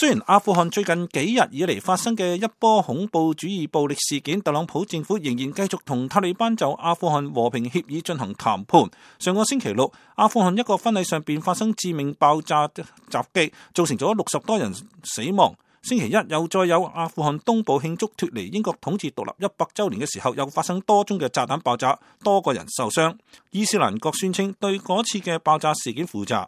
雖然阿富汗最近幾日以嚟，發生嘅一波恐怖主義暴力事件，特朗普政府仍然繼續同塔利班就阿富汗和平協議進行談判。上個星期六，阿富汗一個婚禮上面發生致命爆炸襲擊，造成咗六十多人死亡。星期一又再有阿富汗東部慶祝脫離英國統治獨立一百周年嘅時候，又發生多宗嘅炸彈爆炸，多個人受傷。伊斯蘭國宣稱對嗰次嘅爆炸事件負責。